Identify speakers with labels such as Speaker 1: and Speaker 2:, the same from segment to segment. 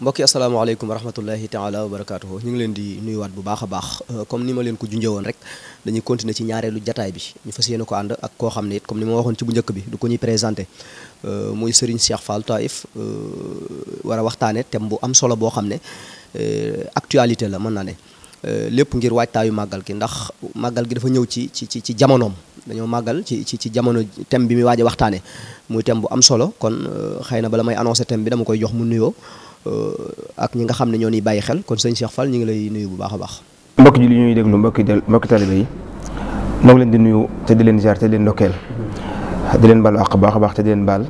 Speaker 1: mbokki asalaamaaleykum wa rahmatullahi taala wa barakaatuhu ñu ngi leen di nuyuwaat bu baax a baax euh, comme ni ma leen ko junjee woon rek dañuy continuer ci ñaareelu jataay bi ñu fa yéene ko ànd ak koo xam ne it ni ma waxoon ci bu njëkk bi du ko ñuy présenté euh, muy Serigne Cheikh Fall euh, war a waxtaane thème bu am solo boo xam ne actualité la mën naa ne lépp ngir waajtaayu màggal gi ndax màggal gi dafa ñëw ci ci ci ci dañoo màggal ci ci ci jamono thème bi muy waaj a waxtaane muy thème solo kon xëy na bala may annoncé thème bi dama koy jox mu nuyoo Euh, ak ñi nga xam ne ñoo ñuy bàyyi xel kon sëñ Cheikh Fall ñu ngi lay nuyu bu baax a baax.
Speaker 2: mbokk ji li ñuy déglu mbokk mbokk talibe yi ñoo ngi leen di nuyu te di leen ziar te di leen mm-hmm. leen baalu àq baax baax te di leen baal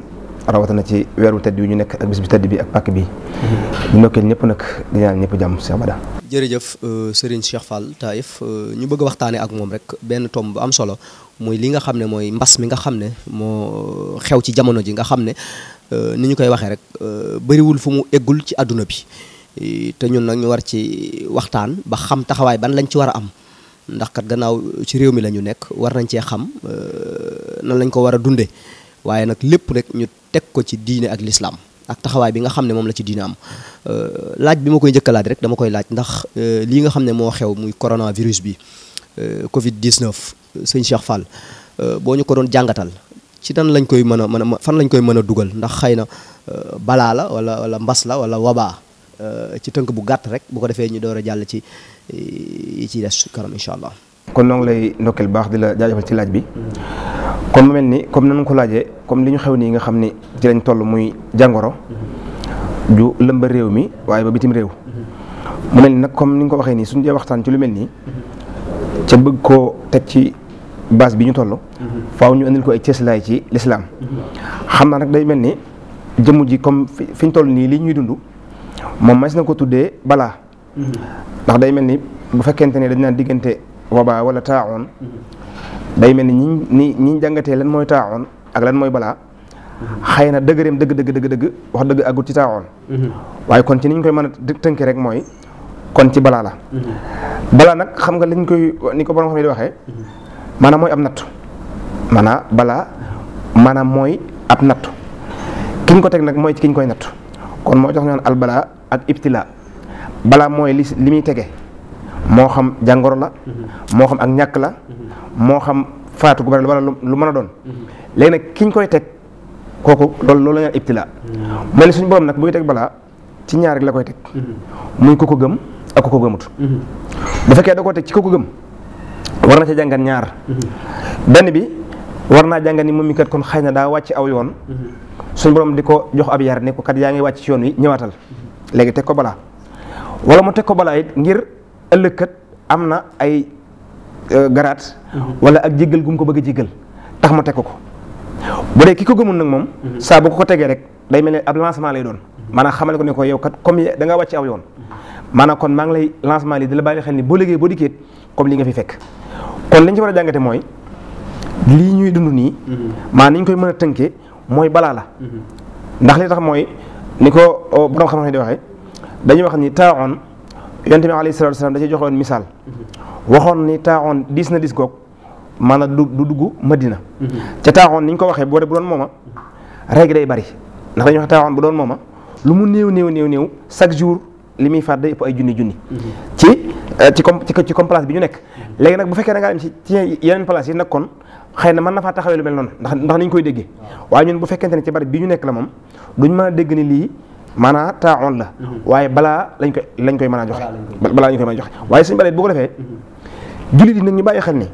Speaker 2: rawatina ci weeru tedd yu ñu nekk ak bi tedd bi ak pàkk bi. Mm-hmm. di ndokkeel ñëpp nag di ñaan ñëpp jàmm Cheikh Bada.
Speaker 1: jërëjëf euh, Serigne Cheikh Fall Taïf euh, ñu bëgg a waxtaanee ak moom rek benn tomb bu am solo mooy li nga xam ne mooy mbas mi nga xam ne moo xew ci jamono ji nga xam ne Euh, ni ñu koy waxee rek euh, bariwul fu mu eggul ci àdduna bi te ñun nag ñu war ci waxtaan ba xam taxawaay ban lañ ci war a am ndax kat gannaaw ci réew mi la ñu nekk war nañ cee xam euh, nan lañ ko war a dunde waaye nag lépp rek ñu teg ko ci diine ak lislaam ak taxawaay bi nga xam ne moom la ci diine am laaj bi ma koy njëkk laaj rek dama koy laaj ndax lii nga xam ne moo xew muy coronavirus bi Covid 19 sëñ Cheikh Fall boo ñu ko doon jàngatal. ci nan lañ koy mën a mën a fan lañ koy mën a dugal ndax xëy na euh, balaa la wala wala mbas la wala wabaa euh, ci tënk bu gàtt rek bu ko defee ñu door a jàll ci euh, yi ciy des kanam incha
Speaker 2: allah. kon noo ngi lay ndokkeel baax di la jaajëfal ci laaj bi. kon mu mel ni comme nan ko laajee comme li ñu xew nii nga xam ni ci lañ toll muy jàngoro. ju lëmba réew mi waaye ba bitim réew. mu mel ni nag comme ni nga ko waxee nii suñu dee waxtaan ci lu mel nii. ca bëgg koo teg ci. base bi ñu toll. Mhm. faaw ñu indil ko ay cëslaay ci lislaam xam naa nag day mel ni jëmm ji comme fi ñu toll nii lii ñuy dund moom mas na ko tuddee balaa. Mhm. ndax day mel ni bu fekkente ne dañ naan diggante wabaa wala taaxoon. Mhm. day mel ni ñi ñi ñi jàngatee lan mooy taaxoon ak lan mooy balaa. xëy na dëgëreem dëgg dëgg dëgg dëgg wax dëgg agul ci taaxoon. waaye kon ci ni ñu koy mën a tënkee rek mooy kon ci balaa la. balaa nag xam nga liñ koy ni ko maanaam mooy ab nattu maanaam balaa maanaam mooy ab nattu kiñ ko teg nag mooy ci kiñ koy nattu kon moo jox ñu naan al balaa ak ibtila balaa mooy li li muy tege moo xam jàngoro la
Speaker 3: mm-hmm.
Speaker 2: moo ak ñàkk la
Speaker 3: mm-hmm.
Speaker 2: moo xam faatu gu bari wala lu mën a doon mm-hmm. léegi nag kiñ koy teg kooku loolu loolu la ñu naan ibtila mooy nag buy teg balaa ci ñaar la koy teg muy ku ko gëm ak ku ko gëmut bu fekkee da koo teg ci ku gëm war na ca jàngat ñaar mm-hmm. benn bi war naa jàngat ni moom mi kat kon xëy na daa wàcc aw yoon mm-hmm. suñ borom di ko jox ab yar ne ko kat yaa ngi wàcc ci yoon wi ñëwaatal mm-hmm. léegi teg ko balaa wala mu teg ko balaa it ngir ëllëg kat am na ay euh, garaat wala ak jéggal gu ko bëgg a jéggal tax mu teg ko ko bu dee ki ko gëmul nag moom saa bu ko ko tegee rek day mel ne ab lancement lay doon maanaam xamal ko ne ko yow kat comme da nga wàcc aw yoon maanaam kon maa ngi lay lancement li di la bàyyi xel ni boo liggéey boo dikkeet comme li nga fi fekk kon li ñu ci war a jàngate mooy lii ñuy dund nii mm-hmm. maa ni ñu koy mën a tënkee mooy balaa la mm-hmm. ndax li tax mooy ni ko oh, borom xam-xam di waxee dañuy wax ni taaxoon yonte bi alayhi salaatu salaam da cee joxe woon misaal mm-hmm. waxoon ni taaxoon diis na diis goog maanaam du du dugg madina ca taaxoon ni ñu ko waxee boo dee bu doon mooma rey gi day bari ndax dañuy wax taaxoon bu doon mooma lu mu néew néew néew néew chaque jour li muy faat day ëpp ay junni junni mhm. ci euh, ci comme ci bi ñu nekk mhm. léegi nag bu fekkee da ngaa dem ci ci yeneen place yi nag kon xëy na man na faa taxawee lu mel noonu ndax ndax niñ koy déggee waaye ñun bu fekkente ne ci bari bi ñu nekk la moom duñ mën a dégg ni lii maanaa taaxoon la mhm. waaye balaa lañ koy lañ koy mën a joxe balaa lañ koy mën joxe waaye suñ balee bu ko defee jullit yi nag ñu bàyyi xel ni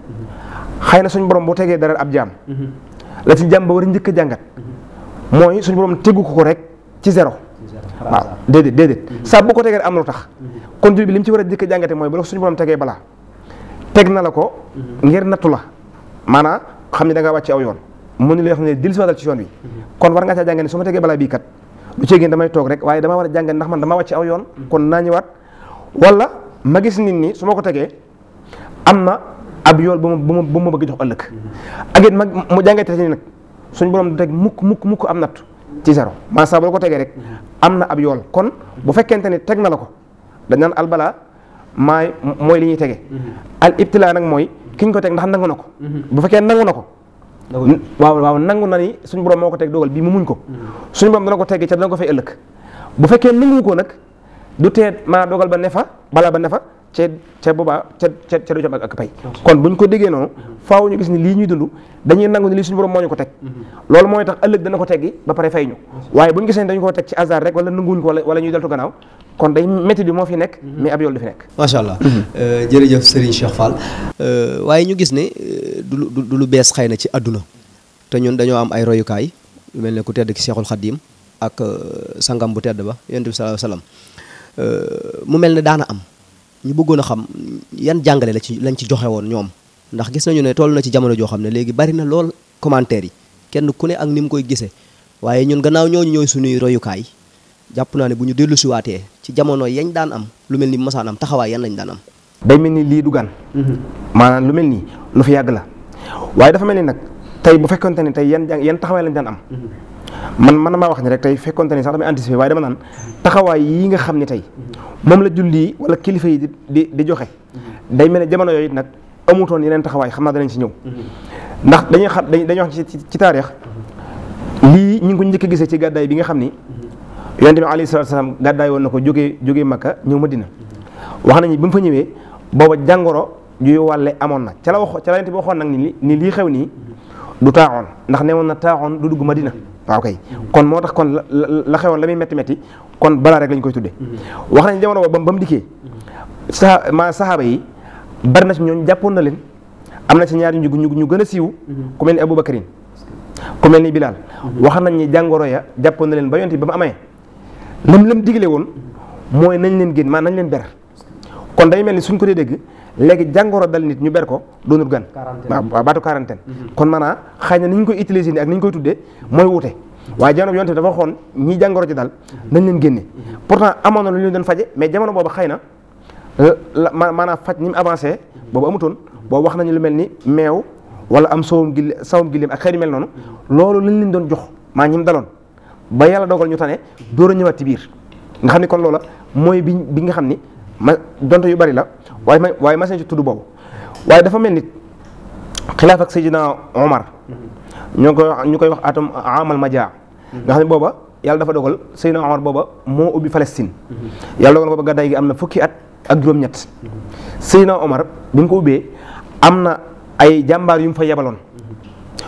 Speaker 2: xëy na suñ borom bu tegee dara ab jaam la ci jaam ba war njëkk a jàngat mooy suñ borom tegu ko ko rek ci zéro waaw déedéet déedéet mhm. saa boo ko tegee am lu tax mhm. conduite bi li mu ci war a dikk jàngate mooy bu la suñu borom tegee balaa teg na la ko mhm. ngir nattu la maanaam xam ne da ngaa wàcc aw yoon mu ni lay xam ne dil siwadal ci yoon bi kon war nga caa jàngane su tegee balaa bii kat lu ci génn damay toog rek waaye damaa war a jàngane ndax man damaa wàcc yoon kon naa ñëwaat wala ma gis nit ñi su ma ko tegee am na ab yool bu ma bu ma bëgg jox ëllëg ak ma mu jàngate ci nag suñ borom du teg mukk mukk mukk am nattu ci zéro maanaam saa ko tegee rek am na ab yool kon bu fekkente ne teg na la ko dañ al balaa maa mooy li ñuy tege
Speaker 3: mm-hmm.
Speaker 2: al ibtila nag mooy ki ñu ko teg xam nangu na ko mm-hmm. bu fekkee nangu na ko waaw waaw nangu na ni suñu borom moo ko teg dogal bii mu muñ ko mm-hmm. suñu borom dana ko tegee ca dana ko fay ëllëg bu fekkee nangu ko nag du tee maanaam dogal ba nefa bala ba nefa ca ca boobaa ca ca du ca ak pay kon buñ ko déggee noonu faaw ñu gis ni lii ñuy dund dañuy nangu ni lii suñu borom moo ñu ko teg mhm. loolu mooy tax ëllëg dana ko teg teggi ba pare fay ñu waaye buñu gisee dañu ko teg ci hasard rek wala nanguwuñ ko wala
Speaker 1: kon day métti bi moo fi nekk mhm. mais ab yool du fi nekk macha allah mhm. euh, jërëjëf Serigne Cheikh Fall euh, waaye ñu gis ni euh, du du lu bees xëy na ci àdduna te ñun dañoo am ay royukaay lu mel ne ku tedd ki Cheikhul Khadim ak sangam bu tedd ba yonent bi sallallahu alayhi mu mel ni daana am ñu bëggoon a xam yan jàngale la ci lañ ci joxe woon ñoom ndax gis nañu ne toll na ci jamono joo xam ne léegi bari na lool commentaire yi kenn ku ne ak ni mu koy gisee waaye ñun gannaaw ñooñu ñooy suñuy royukaay jàpp naa ne bu ñu dellu siwaatee ci jamono yañ daan am lu mel ni masaan am yan lañ daan day mel ni lii du gan. Mhm.
Speaker 2: maanaam lu mel ni lu fi yàgg la waaye dafa mel ni nag tey bu fekkonte ne tey yan yan taxawaay lañ daan am. Mhm. man man maa wax ni rek tey fekkonte ne sax damay anticiper waaye dama naan taxawaay yi nga xam ne tey mhm. moom la julli wala kilifa yi di di joxe day mel ni jamono yooyu nag. amutoon yeneen taxawaay xam naa danañ si ñëw. ndax dañuy xam dañuy wax ci ci taarix lii ñu ngi ko njëkk a gisee ci gàddaay bi nga xam ni yonent bi alayhi salaam gàddaay na ko jógee jógee Makka ñëw Madina wax nañu bi mu fa ñëwee booba jàngoro juy wàlle amoon na ca la wax ca la yonent bi waxoon nag ni ni lii xew nii du taaxoon ndax newoon na taaxoon du dugg ma Madina waaw kay kon moo tax kon la xewoon la muy métti métti kon balaa rek lañ koy tuddee. Mm-hmm. wax nañ jamono boobu bam mu sa ma saxaaba yi. bari na si ñooñu jàppoon na leen am na si ñaari ñu ñu ñu gën a siiw mhm. ku mel ni Aboubacarine ku mel ni Bilal mhm. wax nañ ni jàngoro ya jàppoon na leen ba ba mu amee lam lam digle woon mooy nañ leen génn maanaam nañ leen ber kon day mel ni suñ ko dee dégg léegi jàngoro dal nit ñu ber ko doonut gan waaw baatu quarantaine mhm. kon maanaam xëy na ni ñu koy utiliser ni ak ni ñu koy tuddee mooy wute waaye jamono bi yonte dafa xoon ñii jàngoro ji daal nañ leen génne pourtant amoon na lu ñu doon faje mais jamono boobu xëy na Euh, ma maanaam faj ni mu avancé boobu amutoon boobu wax nañu lu mel ni meew wala am sawam gil sawam gileem ak xëy mel noonu loolu lañ leen doon jox maa ñim daloon ba yàlla dogal ñu tane door a ñëwaat ci biir nga xam ni kon loola mooy bi bi nga xam ni ma donte yu bari la waaye ma waaye ma seen ci tudd boobu waaye dafa mel ni xilaaf ak Seydina Omar ñoo koy ñu koy wax atam amal majaa nga xam ne booba yàlla dafa dogal Seydina Omar booba moo ubbi Palestine mhm. yàlla dogal booba gàddaay am na fukki at ak juróom-ñett Seydina Omar bi mu ko ubbee am na ay jàmbaar yu mu fa yebaloon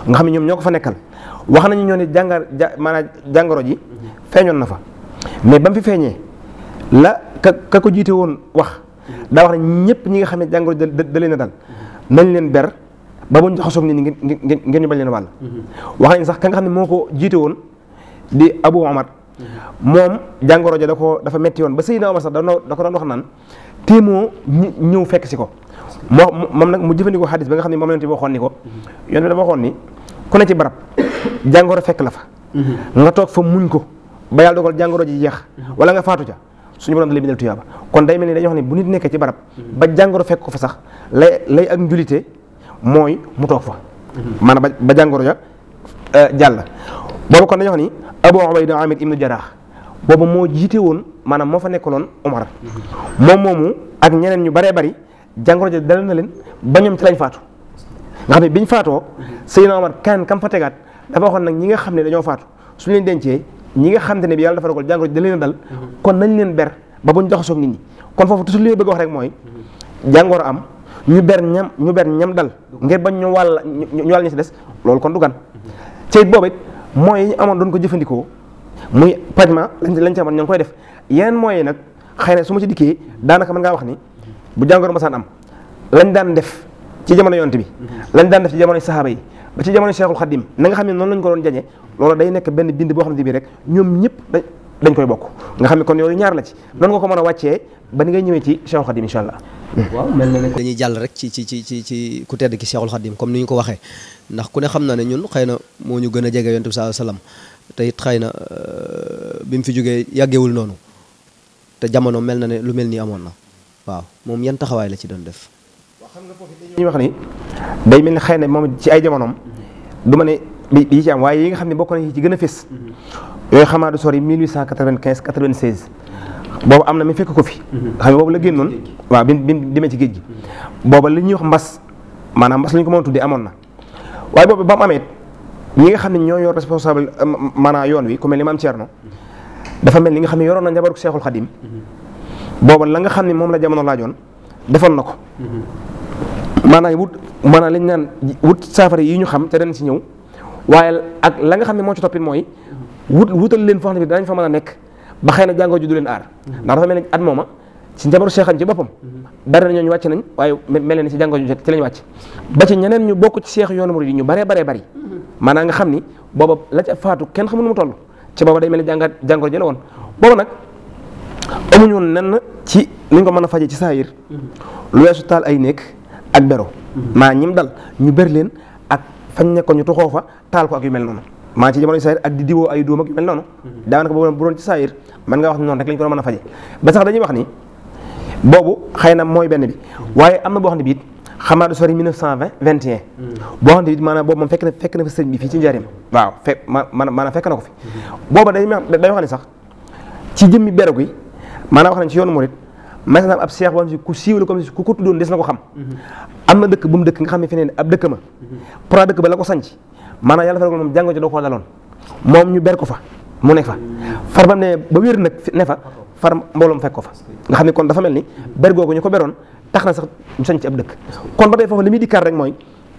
Speaker 2: nga xam ne ñoom ñoo ko fa nekkal wax nañu ñoo ne jàngar ja maanaam jàngoro ji feeñoon na fa mais ba mu fi feeñee la ka ka ko jiite woon wax daa wax ne ñëpp ñi nga xam ne jàngoro da da leen a dal nañ leen ber ba bu ñu xasoog nit ñi ngeen ngeen ñu bañ leen wàll. Mm-hmm. wax nañ sax ka nga xam ne moo ko jiite woon di Abu Omar. moom jàngoro ja da ko dafa metti yoon ba Seydina Omar sax da noo ko doon wax naan téemoo ñëw fekk si ko moo moom nag mu jëfandikoo xadis ba nga xam ne moom la ñu waxoon ni ko yoon bi dafa waxoon ni ku ci barab jàngoro fekk la fa mm-hmm. nga toog fa muñ ko ba yàlla dogal jàngoro ji jeex mm-hmm. wala nga faatu ca suñu borom da lay bindal tuyaaba kon day mel ni dañoo xam ne bu nit nekkee ci barab mm-hmm. ba jàngoro fekk ko fa sax lay lay ak njulite mooy mu toog fa maanaam ba jàngoro ja euh, jàll boobu kon dañoo xam ni Abu Ubayda Amir ibnu Jaraax boobu moo jiite woon maanaam moo fa nekkaloon Omar moom moomu ak ñeneen ñu baree bari jàngoro ja dal na leen ba ñoom lañ faatu nga xam ne biñ faatoo Seydina Omar kan kam fa tegaat dafa waxoon nag ñi nga xam ne dañoo faatu suñ leen dencee ñi nga xam ne bi yàlla dafa dogal jàngoro ji da leen dal kon nañ leen ber ba buñ jaxasoog nit ñi kon foofu toujours li ma bëgg wax rek mooy jàngoro am ñu ber ñam ñu ber ñam dal ngir bañ ñu wàll ñu wàll ñu si des loolu kon du gan ci boobu it mooy yi ñu amoon doon ko jëfandikoo muy pajement lañ ca mën ña koy def yaneen mooy yi nag xay na su ma ci dikkee daanaka mën ngaa wax ni bu jàngoro masaan am lañ daan def ci jamono yonte bi lañ daan def ci jamono saxaaba yi ba ci jamono Cheikhul Khadim na nga xam ne noonu lañ ko doon jañe loolu day nekk benn bind boo xam ne bii rek ñoom ñëpp dañ koy bokk nga xam ne kon yooyu ñaar la ci
Speaker 1: noonu nga ko mën a wàccee ba ni ngay ñëwee ci Cheikhul Khadim incha allah. waaw mel dañuy jàll rek ci ci ci ci ku tedd ki Cheikhul Khadim comme ni ñu ko waxee ndax ku ne xam na ne ñun xëy na moo ñu gën a jege yonent bi sallallahu alayhi te it xëy na euh, bi mu fi jógee yàggewul noonu te jamono mel na ne lu mel nii amoon na waaw moom yan taxawaay la ci doon def. waaw
Speaker 2: xam nga foofu dañuy wax ni day mel ni xëy na moom ci ay jamonoom du ma ne bi yi ci am waaye yi nga xam ne bokk na nañu ci gën a fés. yooyu xamaa du sori 1895 96. boobu am na mi fekk ko fi. xam ne boobu la génnoon. waaw bi bi demee ci géej gi. booba li ñuy wax mbas maanaam mbas la ñu ko mën tuddee amoon na. waaye boobu ba mu amee ñi nga xam ne ñoo yor responsable euh, manaa yoon wi ku mel ni maam Thierno dafa mel ni nga xam ne yoroon na njabaru Seexul Xadim mm-hmm. booba la nga xam ni moom la jamono laajoon defoon na ko. yi mm-hmm. wut maanaam lañ naan wut saafara yi ñu xam te dañ si ñëw waaye ak la nga xam ne moo ci toppit mooy wut wutal leen foo xam ne bi danañ fa mën a nekk ba xëy na jàngoo ju du leen aar mm-hmm. ndax dafa mel ni at mooma. ci njabaru seexam ci boppam bari na ñooñu wàcc nañ waaye mel ni si jàngoo ñu ci lañ wàcc ba ci ñeneen ñu bokk ci seex yoon murid yi ñu baree baree bari maanaam nga xam ni booba la faatu kenn xamul mu toll ci booba day mel ni jàngat jàngoro ji la woon booba nag amuñu woon nenn ci nuñ ko mën a faje ci saayir lu weesu ay néeg ak bero maa ñim dal ñu ber leen ak fañ nekkoon ñu tuxoo fa taal ko ak yu noonu maa ci jamono saayir ak di diwoo ay doom ak yu mel noonu daanaka boobu bu roon ci saayir mën nga wax noonu rek lañ ko mën a faje ba sax dañuy wax ni boobu xëy na mooy benn bi waaye am na boo xam ne bi it xam naa du sori 1920 21. boo xam ne it maanaam boobu moom fekk na fekk na bi fii ci njariñ waaw fekk maanaam fekk na ko fi. booba day day wax ne sax ci jëmmi beroog yi maanaam wax nañ ci yoonu murit mas na ab seex boo xam si ku siiwale comme ku ko tuddoon des na ko xam. am na dëkk bu mu dëkk nga xam ne feneen ab dëkk ma. pour dëkk ba la ko sanc maanaam yàlla defal ko moom jàngoo ci doo ko daloon moom ñu ber ko fa mu nekk fa far ba ne ba wér nag ne fa. far mbooloom fekk ko fa nga xam ne kon dafa mel ni ber googu ñu ko beroon tax na sax ñu sañ ci ab dëkk kon ba tey foofu li muy dikkaat rek mooy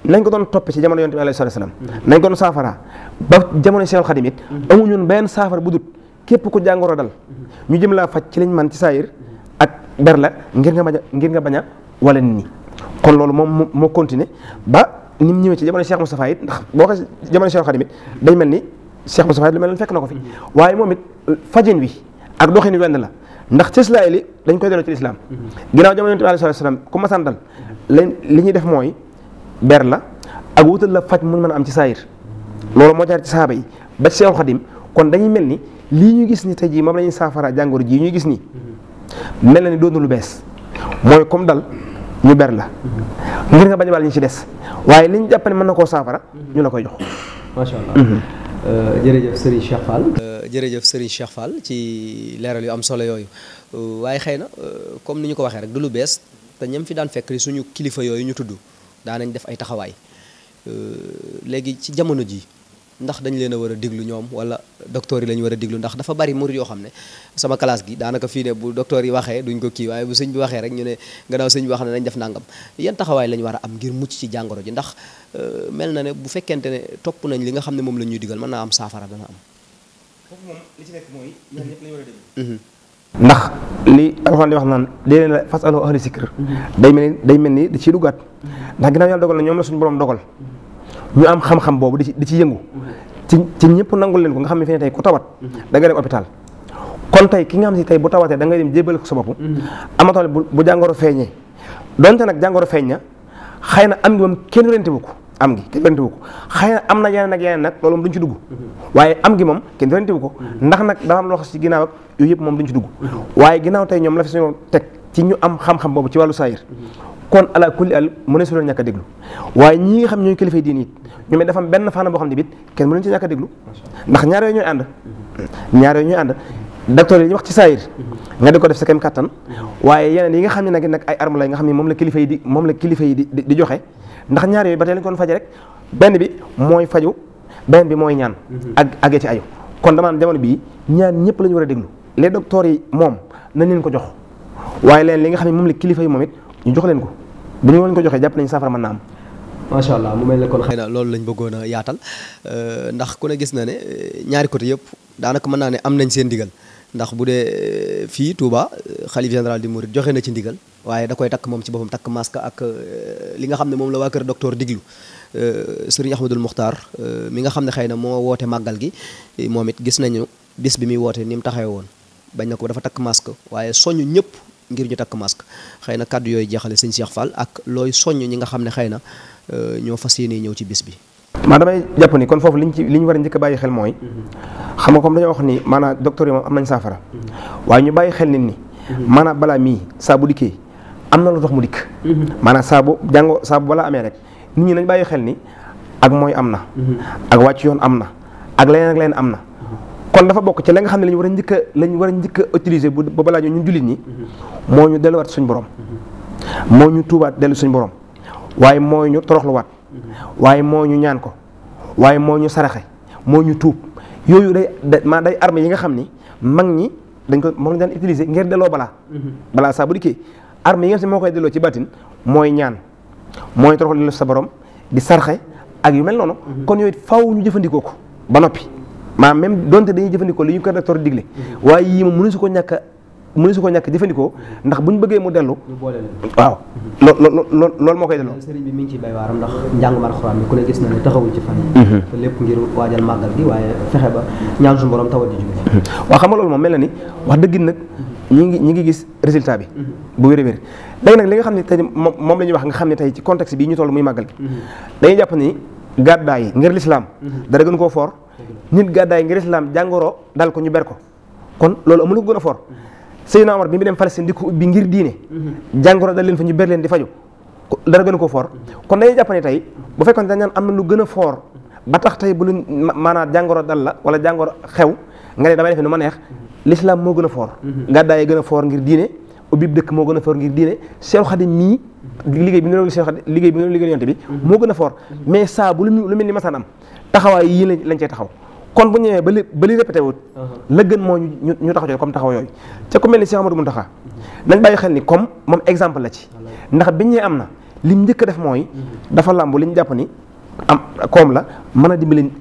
Speaker 2: nañ ko doon toppe ci jamono yonent bi alayhi salaam nañ ko doon saafara ba jamono Seexul Xadim benn saafara bu dut képp ku jàngoro dal ñu jëm laa faj ci liñ man ci ak ber la ngir nga bañ a ngir nga bañ a wala nit ñi kon loolu moom moo continuer ba ni mu ñëwee ci jamono Cheikh Moustapha it ndax boo ko jamono Cheikh Xadim it dañ mel ni Cheikh Moustapha it lu mel noonu fekk na ko fi waaye moom it fajin wi ak doxin wenn la ndax cëslaay li dañ koy delloo ci lislaam ginnaaw jamono yonent bi alayhi salaam ku ma santal li ñuy def mooy ber la ak wutal la faj mu mën a am ci saayir loolu moo jaar ci saaba yi ba ci seen xadim kon dañuy mel ni lii ñu gis ni tey jii moom la saafara jàngoro jii ñuy gis nii mel na ni doon lu bees mooy comme dal ñu ber la ngir nga bañ a baal ñu ci des waaye li ñu jàpp ne mën na koo saafara ñu la koy jox.
Speaker 1: macha allah mhm. euh, jërëjëf jërëjëf Serigne Cheikh Fall ci leeral yu am solo yooyu waaye xëy na euh, comme ni ñu ko waxee rek du lu bees te ñam fi daan fekk suñu kilifa yooyu ñu tudd daanañ def ay taxawaay euh, léegi ci jamono ji ndax dañ leen a war a diglu ñoom wala docteur yi la war a diglu ndax dafa bari murid yoo xam ne sama classe gi daanaka fii ne bu docteur yi waxee duñ ko kii waaye bu sëñ bi waxee rek ne gannaaw sëñ bi wax ne nañ def nangam yan taxawaay la war a am ngir mucc ci jàngoro ji ndax euh, mel na ne bu fekkente ne topp nañ li nga xam ne moom la ñuy digal mën naa am saafara dana am foofu moom li ci nekk mm-hmm.
Speaker 2: ndax li alxuraan di wax naan dee leen la fas alu ahli sikr mm-hmm. day mel ni day mel ni da ciy duggaat ndax ginnaaw yàlla dogal na ñoom la suñu borom dogal mm-hmm. ñu am xam-xam boobu di ci yëngu ci ci ñëpp nangul leen ko nga xam ne fi ne tey ku tawat da dem hôpital kon tey ki nga xam ne tey bu tawatee dangay dem jébbal ko sa bopp amatoole bu jàngoro feeñee donte nag jàngoro feeñ na xëy na am ngi moom kenn rente bu ko am gi kenn werantewu ko xëy na am na yeneen ak yeneen nag loolu moom duñ ci dugg mhm. waaye am gi moom kenn werantewu ko mhm. ndax nag dafa am loo si ginnaaw yëpp moom duñ ci dugg mhm. waaye ginnaaw tey ñoom la fi suñu teg ci ñu am xam-xam boobu ci wàllu saayir kon ala kulli al mu ne su leen déglu waaye ñi nga xam ñooy kilifa diin it ñoom it dafa benn fànn boo xam ne bit kenn mënuñ ci ñàkk a déglu ndax ñaar yooyu ñooy ànd ñaar yooyu ñooy ànd docteur yi ñu wax ci saayir nga di ko def sa kem kàttan waaye yeneen yi nga xam ne nag nag ay arme la nga xam ne moom la kilifa yi di moom la kilifa yi di di joxe ndax ñaar yooyu ba tey lañ ko faje rek benn bi mooy faju benn bi mooy ñaan mhm. ak agge ci ayu kon dama ne jamono bii ñaan ñëpp la ñu war a déglu les docteurs yi moom na leen
Speaker 1: ko jox waaye leen li nga xam ne moom la kilifa yi moom it ñu jox leen ko bu ñu leen ko joxee jàpp nañ safara mën naa am macha allah mu mel ne kon xëy na loolu lañ bëggoon a yaatal ndax ku ne gis na ne eh, ñaari côté yëpp daanaka mën naa ne am nañ seen digal ndax bu dee euh, fii Touba euh, xalif général di Mouride joxe na ci ndigal waaye da koy takk moom ci boppam takk masque ak euh, li nga xam ne moom la waa kër docteur diglu sëriñ Ahmadul Muxtaar mi nga xam ne xëy na moo woote màggal gi moom it gis nañu bis bi muy woote ni mu taxawee woon bañ na ko dafa takk masque waaye soññ ñëpp ngir ñu takk masque xëy na kàddu yooyu jeexale sëñ Cheikh Fall ak looy soññ ñi nga xam ne xëy na ñoo fas yéene ñëw ci bis bi.
Speaker 2: maa damay jàpp ni kon foofu liñ ci li ñu war a njëkk bàyyi xel mooy mhm. xam nga comme dañoo wax ni maanaam docteur yi moom am nañ saafara mhm. waaye ñu bàyyi xel nit ni mhm. maanaa balaa mii saabu bu dikkee am na lu tax mu dikk maanaa saabu jàngo saabu bu balaa amee rek nit ñi nañ bàyyi xel ni ak mooy am na ak wàcc yoon am na ak leneen ak leneen am na kon dafa bokk ci la nga xam ne lañ war a njëkk a lañ war a njëkk a bu ba balaa ñu ñun jullit ñi moo ñu delluwaat suñ borom moo ñu tuubaat dellu suñ borom waaye moo ñu toroxluwaat waaye moo ñu ñaan ko waaye moo ñu saraxe moo ñu tuub yooyu day maa day arme yi nga xam ni mag ñi dañ ko moom la daan utiliser ngir delloo balaa. Mhm. balaa saa bu dikkee arme moo koy delloo ci baatin mooy ñaan mooy toroxal lu sa borom di sarxe ak yu mel noonu. Mhm. kon yooyu faw ñu jëfandikoo ko ba noppi. maanaam même donte dañuy jëfandikoo li ñu ko docteur digle mhm. waaye yii moom mënu ko ñàkk mënu su ko
Speaker 1: ñàkk jëfandikoo ndax bu ñu bëggee mu dellu waaw lool loolu moo koy delloo sëriñ bi moo koy ci bay waaram ndax njàngum alxuraan bi ku ne gis na ne taxawul ci fan yi mhm. lépp màggal gi waaye fexe ba ñaan suñu borom tawat ji jóge mhm. waaw xam nga loolu moom mel na ni wax dëgg nag ñi ngi ñi
Speaker 2: ngi gis résultat bi mhm. bu wér a wér léegi nag li nga xam ne tey moom la ñuy wax nga xam ne tey ci contexte bii ñu toll muy màggal gi dañuy jàpp ni gàddaay yi ngir lislaam dara gën koo foor nit gàddaay ngir lislaam jàngoro dal ko ñu ber ko kon loolu amul ko gën a foor Seydina Omar bi mu dem Palestine di ko ubbi ngir diine jàngoro dal leen fa ñu ber leen di faju dara gën ko foor kon dañuy jàpp ne tey bu fekkoon dañ naan am na lu gën a foor ba tax tey bu lu maanaam jàngoro dal la wala jàngoro xew nga ne damay defe nu ma neex l'islam moo gën a foor gàddaay yi gën a foor ngir diine ubbi dëkk moo gën a foor ngir diine Seex Xaadim mii liggéey bi ñu Seex Xaadim liggéey bi ñu liggéey yonte bi moo gën a foor mais saa bu lu lu mel ni masaan am taxawaay yii lañ cay taxaw kon bu ñëwee ba li ba li répété wut. Uh-huh. la gën moo ñu ñu taxaw ci comme taxaw yooyu. ca ku mel ni Cheikh Amadou Mountakha nañ bàyyi xel ni comme moom exemple la ci. ndax bi ñee am na lim njëkk def mooy. Uh-huh. dafa làmb li ñu jàpp ni am koom la mën a dimbali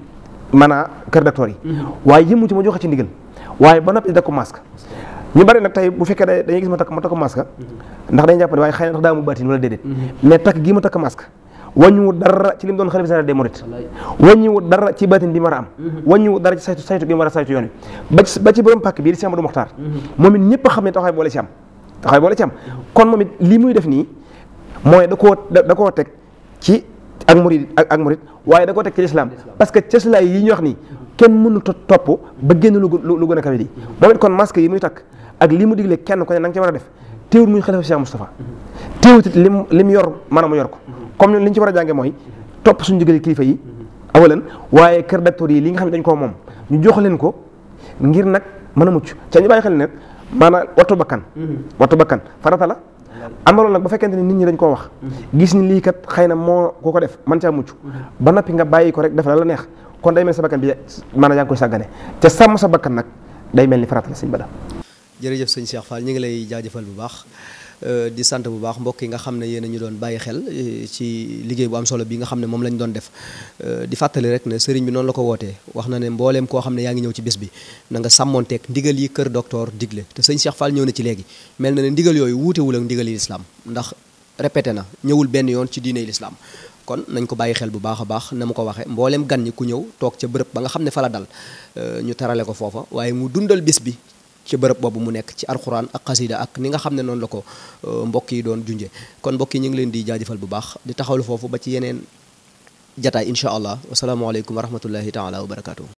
Speaker 2: mën a kër docteur yi. Uh-huh. waaye yëmu ci ma joxe ci ndigal waaye ba noppi dakku masque. ñu bari na tey bu fekkee dañuy gis ma takk ma takk masque. ndax dañuy jàpp ne waaye xëy na ndax daa mu baatin ma takk masque. wàññiwut dara dara ci baatin a am mm-hmm. wàññiwut a ba ci borom pàkk bii di Cheikh Amadou Mokhtar mm-hmm. moom kon moom it lii muy def nii mooy da koo da koo teg ci ak murid ak murid waaye da koo teg ci lislaam parce que cëslaay yi ñu wax nii kenn mënut a topp ba génn lu lu gën a kawe di mm-hmm. moom it kon masque yi muy takk ak li mu digle kenn ko ne ci war a def téewul muy xalifa Cheikh Moustapha téewut li mu yor maanaam mu yor ko comme ñun li ñu ci war a jànge mooy topp suñu diggale kilifa yi awalan waaye kër docteur yi li nga xam ne dañ koo moom ñu jox leen ko ngir nag mën a mucc ca ñu bàyyi xel ne bakkan mm-hmm. wattu bakkan farata la mm-hmm. amaloon nag ba fekkente ni nit ñi dañ koo wax mm-hmm. gis ni lii kat xëy na moo ko ko def man caa mucc ba noppi nga bàyyi ko rek def la la neex kon day mel sa bakkan bi maanaam yaa ngi koy sàggane te sàmm sa bakkan nag day mel ni farata la sëñ Bada
Speaker 1: jërëjëf sëñ Cheikh ñu ngi lay jaajëfal bu baax Euh, di sant bu baax mbokk yi nga xam ne yéen a ñu doon bàyyi xel euh, ci liggéey bu am solo bi nga xam ne moom lañ doon def euh, di fàttali rek ne sëriñ bi noonu la ko wootee wax na ne mbooleem koo xam ne yaa ngi ñëw ci bés bi na nga sàmmonteeg ndigal yi kër docteur digle te sëñ Cheikh Fall ñëw na ci léegi mel na ne ndigal yooyu wuutewul ak ndigal yi lislaam ndax répété na ñëwul benn yoon ci diine lislaam kon nañ ko bàyyi xel bu baax a baax na mu ko waxee mbooleem gan ku ñëw toog ca bërëb ba nga xam ne fa dal ñu tarale ko foofa waaye mu dundal bis bi ci bërëb boobu mu nekk ci alxuraan ak xasida ak ni nga xam ne noonu la ko euh, mbokk yi doon junje kon mbokk ñu ngi leen di jaajafal bu baax di taxawlu foofu ba ci yeneen jataay incha allah wasalaamualeykum wa rahmatullahi taala wa